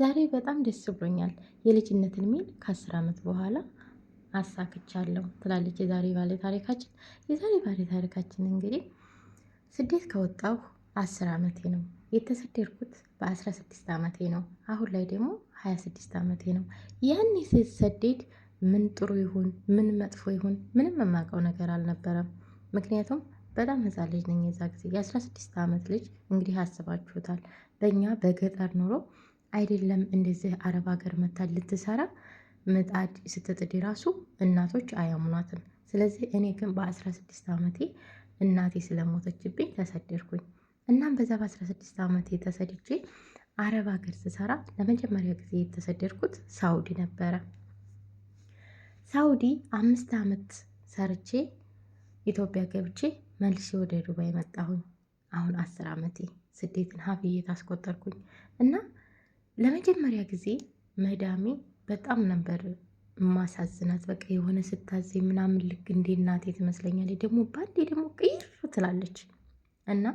ዛሬ በጣም ደስ ብሎኛል። የልጅነትን ሚል ከአስር ዓመት በኋላ አሳክቻለሁ ትላለች የዛሬ ባለ ታሪካችን። የዛሬ ባለ ታሪካችን እንግዲህ ስደት ከወጣሁ አስር ዓመቴ ነው። የተሰደድኩት በ16 ዓመቴ ነው። አሁን ላይ ደግሞ 26 ዓመቴ ነው። ያኔ ስሰደድ ምን ጥሩ ይሁን ምን መጥፎ ይሁን ምንም የማውቀው ነገር አልነበረም። ምክንያቱም በጣም ህፃ ልጅ ነኝ የዛ ጊዜ የ የ16 ዓመት ልጅ እንግዲህ አስባችሁታል። በእኛ በገጠር ኑሮ አይደለም እንደዚህ አረብ ሀገር መታ ልትሰራ ምጣድ ስትጥድ ራሱ እናቶች አያሙናትም። ስለዚህ እኔ ግን በ16 ዓመቴ እናቴ ስለሞተችብኝ ተሰደድኩኝ። እናም በዛ በ16 ዓመቴ ተሰድጄ አረብ ሀገር ስሰራ ለመጀመሪያ ጊዜ የተሰደድኩት ሳውዲ ነበረ። ሳውዲ አምስት ዓመት ሰርቼ ኢትዮጵያ ገብቼ መልሼ ወደ ዱባይ መጣሁኝ። አሁን አስር ዓመቴ ስደትን ሀፍዬ ታስቆጠርኩኝ እና ለመጀመሪያ ጊዜ መዳሜ በጣም ነበር ማሳዝናት። በቃ የሆነ ስታዜ ምናምን ልክ እንደ እናቴ ትመስለኛለች። ደግሞ ባንዴ ደግሞ ቅይር ትላለች እና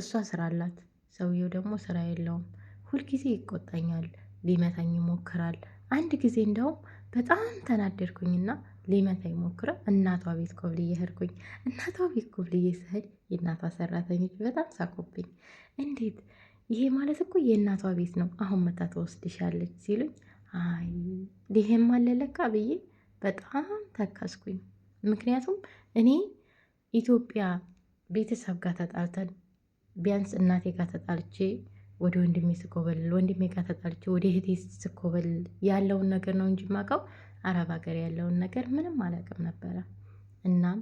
እሷ ስራ አላት፣ ሰውየው ደግሞ ስራ የለውም። ሁልጊዜ ይቆጣኛል፣ ሊመታኝ ይሞክራል። አንድ ጊዜ እንደውም በጣም ተናደድኩኝና ሊመታ ይሞክረ እናቷ ቤት ኮብልዬ ሄድኩኝ። እናቷ ቤት ኮብልዬ ስሄድ የእናቷ ሰራተኞች በጣም ሳቁብኝ። እንዴት ይሄ ማለት እኮ የእናቷ ቤት ነው፣ አሁን መታ ትወስድሻለች ሲሉኝ፣ አይ ይሄም አለ ብዬ በጣም ተካስኩኝ። ምክንያቱም እኔ ኢትዮጵያ ቤተሰብ ጋር ተጣልተን ቢያንስ እናቴ ጋር ተጣልቼ ወደ ወንድሜ ስኮበልል፣ ወንድሜ ጋር ተጣልቼ ወደ እህቴ ስኮበልል ያለውን ነገር ነው እንጂ የማውቀው አረብ ሀገር ያለውን ነገር ምንም አላውቅም ነበረ። እናም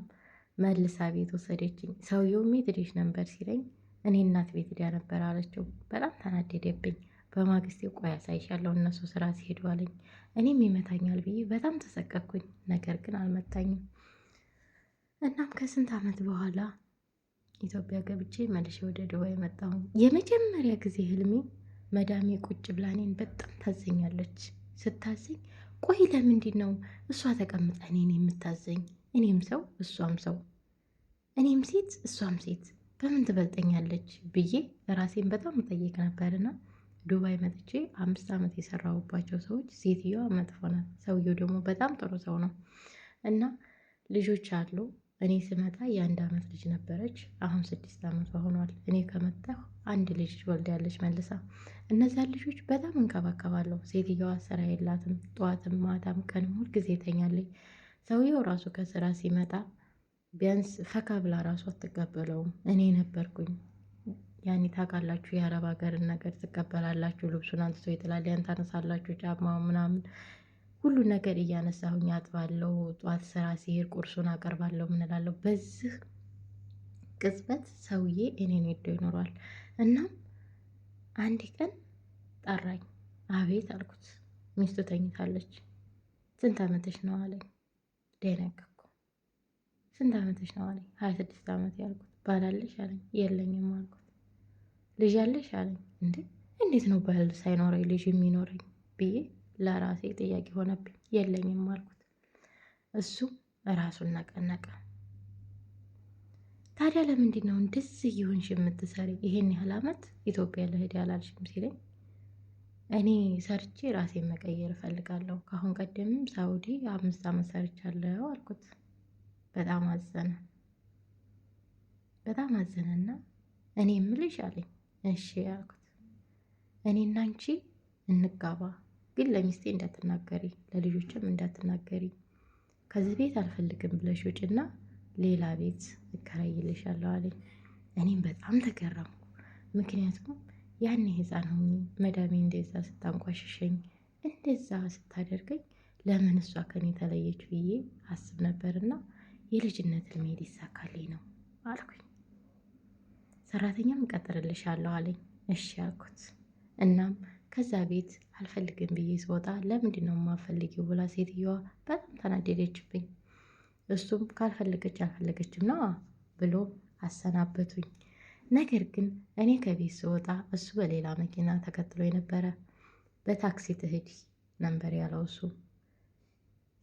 መልሳ ቤት ወሰደችኝ። ሰውየው ሜትዴሽ ነበር ሲለኝ እኔ እናት ቤት ሄዳ ነበር አለችው። በጣም ተናደደብኝ። በማግስቴ ቆይ አሳይሻለሁ እነሱ ስራ ሲሄዱ አለኝ። እኔም ይመታኛል ብዬ በጣም ተሰቀቅኩኝ። ነገር ግን አልመታኝም። እናም ከስንት ዓመት በኋላ ኢትዮጵያ ገብቼ መልሼ ወደ ዱባይ የመጣሁ የመጀመሪያ ጊዜ ህልሜ መዳሜ ቁጭ ብላ እኔን በጣም ታዘኛለች። ስታዘኝ ቆይ ለምንድን ነው እሷ ተቀምጠ እኔን የምታዘኝ? እኔም ሰው እሷም ሰው፣ እኔም ሴት እሷም ሴት በምን ትበልጠኛለች ብዬ ራሴን በጣም ጠይቅ ነበርና ዱባይ መጥቼ አምስት ዓመት የሰራሁባቸው ሰዎች ሴትዮዋ መጥፎ ናት፣ ሰውየው ደግሞ በጣም ጥሩ ሰው ነው እና ልጆች አሉ። እኔ ስመጣ የአንድ ዓመት ልጅ ነበረች። አሁን ስድስት ዓመቷ ሆኗል። እኔ ከመጣሁ አንድ ልጅ ወልዳለች መልሳ። እነዚያን ልጆች በጣም እንከባከባለሁ። ሴትዮዋ ስራ የላትም። ጠዋትም፣ ማታም፣ ቀንም ሁልጊዜ ተኛለኝ። ሰውየው ራሱ ከስራ ሲመጣ ቢያንስ ፈካ ብላ ራሱ አትቀበለውም። እኔ ነበርኩኝ ያኔ ታውቃላችሁ፣ የአረብ ሀገርን ነገር ትቀበላላችሁ። ልብሱን አንስቶ ይጥላል፣ ያን ታነሳላችሁ፣ ጫማ ምናምን ሁሉ ነገር እያነሳሁኝ አጥባለሁ። ጧት ስራ ሲሄድ ቁርሱን አቀርባለሁ። ምንላለሁ በዚህ ቅጽበት ሰውዬ እኔን ወዶ ይኖረዋል። እናም አንድ ቀን ጠራኝ። አቤት አልኩት። ሚስቱ ተኝታለች። ስንት አመትሽ ነው አለኝ። ደነገኩ። ስንት ዓመትሽ ነው አለኝ። ሀያ ስድስት ዓመት ያልኩት። ባላለሽ አለሽ አለኝ። የለኝም አልኩት። ልጅ አለሽ አለኝ። እንዴ እንዴት ነው ባል ሳይኖረኝ ልጅ የሚኖረኝ ብዬ ለራሴ ጥያቄ ሆነብኝ። የለኝም አልኩት። እሱ ራሱን ነቀነቀ። ታዲያ ለምንድን ነው እንደዚህ ይሁንሽ የምትሰሪ ይሄን ያህል አመት ኢትዮጵያ ለህድ ያላልሽም ሲለኝ እኔ ሰርቼ ራሴን መቀየር እፈልጋለሁ። ከአሁን ቀደምም ሳውዲ አምስት አመት ሰርቻለሁ አልኩት። በጣም አዘነ። በጣም አዘነና እኔ የምልሽ አለኝ። እሺ ያልኩት እኔና አንቺ እንጋባ፣ ግን ለሚስቴ እንዳትናገሪ፣ ለልጆችም እንዳትናገሪ፣ ከዚህ ቤት አልፈልግም ብለሽ ውጭና ሌላ ቤት እከራይልሻለሁ አለኝ። እኔም በጣም ተገረምኩ። ምክንያቱም ያኔ ሕፃን ሆኜ መዳሜ እንደዛ ስታንቋሽሸኝ እንደዛ ስታደርገኝ ለምን እሷ ከኔ ተለየች ብዬ አስብ ነበርና የልጅነት ልሜድ ይሳካልኝ ነው አልኩኝ። ሰራተኛም እቀጥርልሻለሁ አለኝ። እሺ አልኩት። እናም ከዛ ቤት አልፈልግም ብዬ ስወጣ ለምንድን ነው የማልፈልጊው ብላ ሴትየዋ በጣም ተናደደችብኝ። እሱም ካልፈለገች አልፈለገችም ነው ብሎ አሰናበቱኝ። ነገር ግን እኔ ከቤት ስወጣ እሱ በሌላ መኪና ተከትሎ የነበረ በታክሲ ትሂድ ነበር ያለው እሱ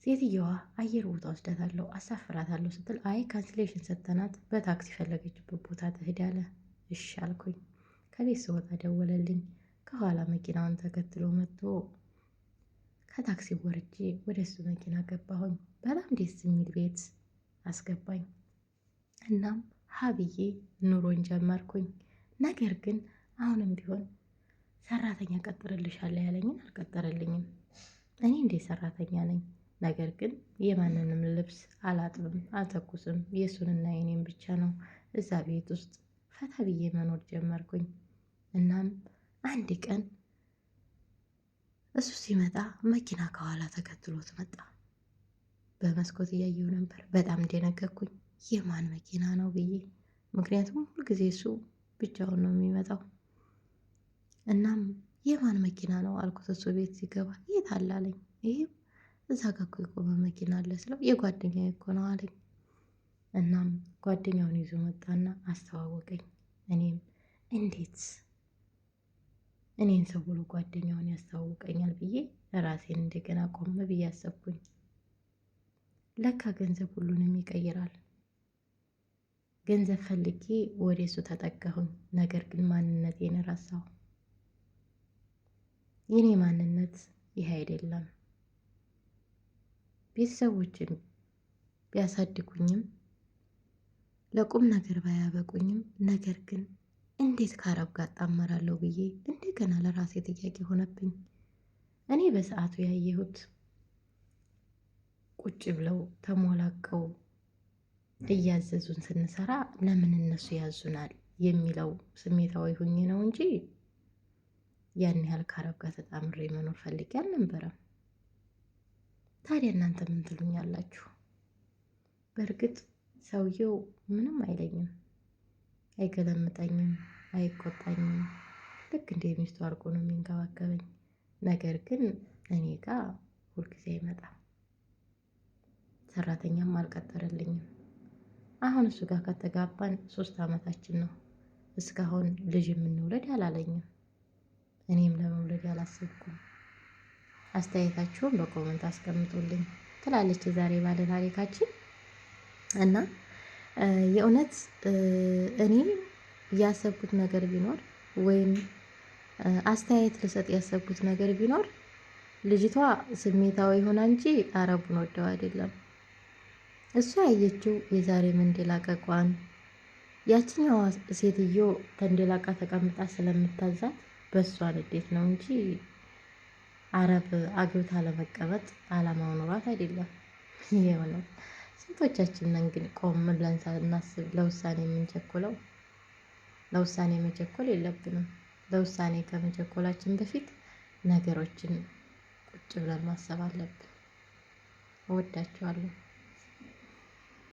ሴትየዋ አየር ቦታ ወስዳታለሁ አሳፍራታለሁ ስትል አይ ካንስሌሽን ሰተናት በታክሲ ፈለገችበት ቦታ ትሄድ አለ። እሺ አልኩኝ። ከቤት ስወጣ ደወለልኝ። ከኋላ መኪናውን ተከትሎ መጥቶ ከታክሲ ወርጄ ወደ እሱ መኪና ገባሁኝ። በጣም ደስ የሚል ቤት አስገባኝ። እናም ሀብዬ ኑሮን ጀመርኩኝ። ነገር ግን አሁንም ቢሆን ሰራተኛ ቀጥርልሻለሁ ያለኝን አልቀጠረልኝም። እኔ እንዴ ሰራተኛ ነኝ? ነገር ግን የማንንም ልብስ አላጥብም፣ አልተኩስም። የእሱንና የኔም ብቻ ነው። እዛ ቤት ውስጥ ፈታ ብዬ መኖር ጀመርኩኝ። እናም አንድ ቀን እሱ ሲመጣ መኪና ከኋላ ተከትሎት መጣ። በመስኮት እያየው ነበር። በጣም ደነገጥኩኝ። የማን መኪና ነው ብዬ ምክንያቱም ሁልጊዜ እሱ ብቻውን ነው የሚመጣው። እናም የማን መኪና ነው አልኩት። እሱ ቤት ሲገባ የት አላለኝ ይህም እዛ ጋ እኮ የቆመ መኪና አለ ስለው የጓደኛ እኮ ነው አለኝ። እናም ጓደኛውን ይዞ መጣና አስተዋወቀኝ። እኔም እንዴት እኔን ሰው ብሎ ጓደኛውን ያስተዋውቀኛል ብዬ ራሴን እንደገና ቆም ብዬ አሰብኩኝ። ለካ ገንዘብ ሁሉንም ይቀይራል። ገንዘብ ፈልጌ ወደ እሱ ተጠጋሁኝ። ነገር ግን ማንነቴን ረሳሁ። የኔ ማንነት ይህ አይደለም። ቤተሰቦችን ቢያሳድጉኝም ለቁም ነገር ባያበቁኝም ነገር ግን እንዴት ከአረብ ጋር ጣመራለሁ ብዬ እንደገና ለራሴ ጥያቄ ሆነብኝ። እኔ በሰዓቱ ያየሁት ቁጭ ብለው ተሞላቀው እያዘዙን ስንሰራ ለምን እነሱ ያዙናል የሚለው ስሜታዊ ሁኜ ነው እንጂ ያን ያህል ከአረብ ጋር ተጣምሬ መኖር ፈልጌ አልነበረም። ታዲያ እናንተ ምን ትሉኛላችሁ? በእርግጥ ሰውየው ምንም አይለኝም፣ አይገለምጠኝም፣ አይቆጣኝም። ልክ እንደ ሚስቱ አድርጎ ነው የሚንከባከበኝ። ነገር ግን እኔ ጋ ሁልጊዜ አይመጣም፣ ሰራተኛም አልቀጠረልኝም። አሁን እሱ ጋር ከተጋባን ሶስት ዓመታችን ነው። እስካሁን ልጅ የምንውለድ አላለኝም። እኔም ለመውለድ አላሰብኩም። አስተያየታችሁን በኮመንት አስቀምጡልኝ ትላለች የዛሬ ባለታሪካችን። እና የእውነት እኔ ያሰብኩት ነገር ቢኖር ወይም አስተያየት ልሰጥ ያሰብኩት ነገር ቢኖር ልጅቷ ስሜታዊ ሆና እንጂ አረቡን ወደው አይደለም። እሷ ያየችው የዛሬ መንደላቀቋን ያችኛዋ ሴትዮ ተንደላቃ ተቀምጣ ስለምታዛት በእሷ ንዴት ነው እንጂ አረብ አግብታ ለመቀመጥ አላማው ኑሯት አይደለም። የእውነት ስንቶቻችን ነን ግን ቆም ብለን ሳናስብ ለውሳኔ የምንቸኩለው? ለውሳኔ መቸኮል የለብንም። ለውሳኔ ከመቸኮላችን በፊት ነገሮችን ቁጭ ብለን ማሰብ አለብን። እወዳችኋለሁ።